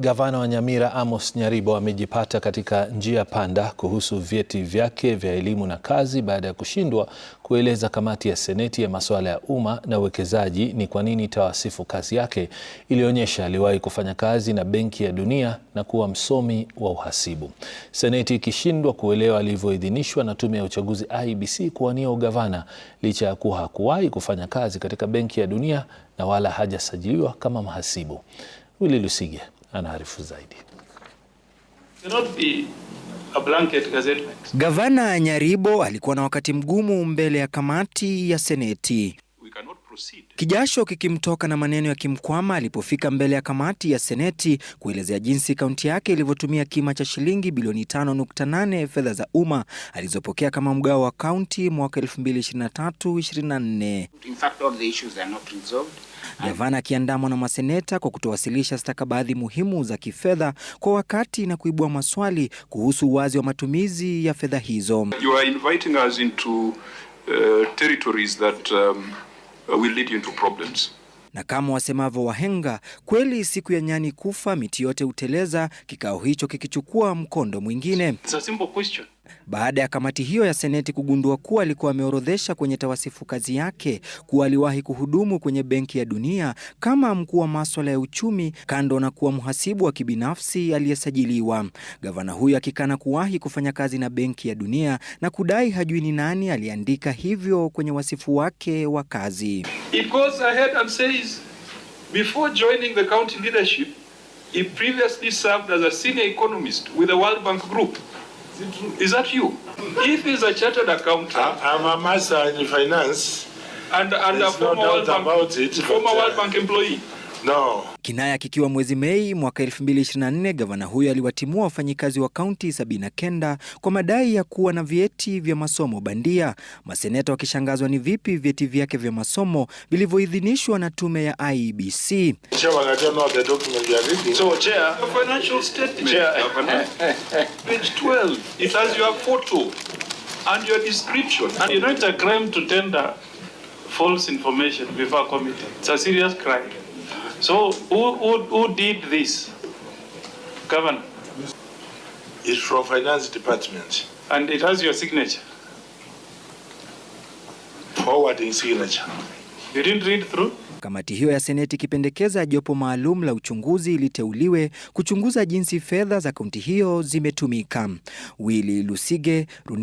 Gavana wa Nyamira Amos Nyaribo amejipata katika njia panda kuhusu vyeti vyake vya elimu na kazi baada ya kushindwa kueleza kamati ya seneti ya masuala ya umma na uwekezaji ni kwa nini itawasifu kazi yake iliyoonyesha aliwahi kufanya kazi na Benki ya Dunia na kuwa msomi wa uhasibu. Seneti ikishindwa kuelewa alivyoidhinishwa na Tume ya Uchaguzi ibc kuwania ugavana licha ya kuwa hakuwahi kufanya kazi katika Benki ya Dunia na wala hajasajiliwa kama mhasibu. Wili Lusige anaarifu zaidi. Gavana Nyaribo alikuwa na wakati mgumu mbele ya kamati ya Seneti, kijasho kikimtoka na maneno ya kimkwama alipofika mbele ya kamati ya Seneti kuelezea jinsi kaunti yake ilivyotumia kima cha shilingi bilioni 5.8 fedha za umma alizopokea kama mgao wa kaunti mwaka 2023 Gavana akiandamwa na maseneta kwa kutowasilisha stakabadhi muhimu za kifedha kwa wakati na kuibua maswali kuhusu uwazi wa matumizi ya fedha hizo. You are inviting us into, uh, territories that, um, will lead into problems. Na kama wasemavyo wahenga, kweli siku ya nyani kufa miti yote huteleza, kikao hicho kikichukua mkondo mwingine. It's a simple question baada ya kamati hiyo ya seneti kugundua kuwa alikuwa ameorodhesha kwenye tawasifu kazi yake kuwa aliwahi kuhudumu kwenye Benki ya Dunia kama mkuu wa maswala ya uchumi, kando na kuwa mhasibu wa kibinafsi aliyesajiliwa. Gavana huyo akikana kuwahi kufanya kazi na Benki ya Dunia na kudai hajui ni nani aliandika hivyo kwenye wasifu wake wa kazi. He previously served as a senior economist with the World Bank Group. Is that you? If he's a chartered accountant. I'm a master in finance. And, and a former World, Bank, it, former uh, World Bank employee. No. Kinaya kikiwa mwezi Mei mwaka 2024, gavana huyo aliwatimua wafanyikazi wa kaunti 79 kwa madai ya kuwa na vyeti vya masomo bandia, maseneta wakishangazwa ni vipi vyeti vyake vya masomo vilivyoidhinishwa na tume ya IEBC. It's a serious crime. So who, who, who did this, Governor? It's from Finance Department. And it has your signature? Forwarding signature. You didn't read through? Kamati hiyo ya Seneti ikipendekeza jopo maalum la uchunguzi iliteuliwe kuchunguza jinsi fedha za kaunti hiyo zimetumika. Willy Lusige, Runi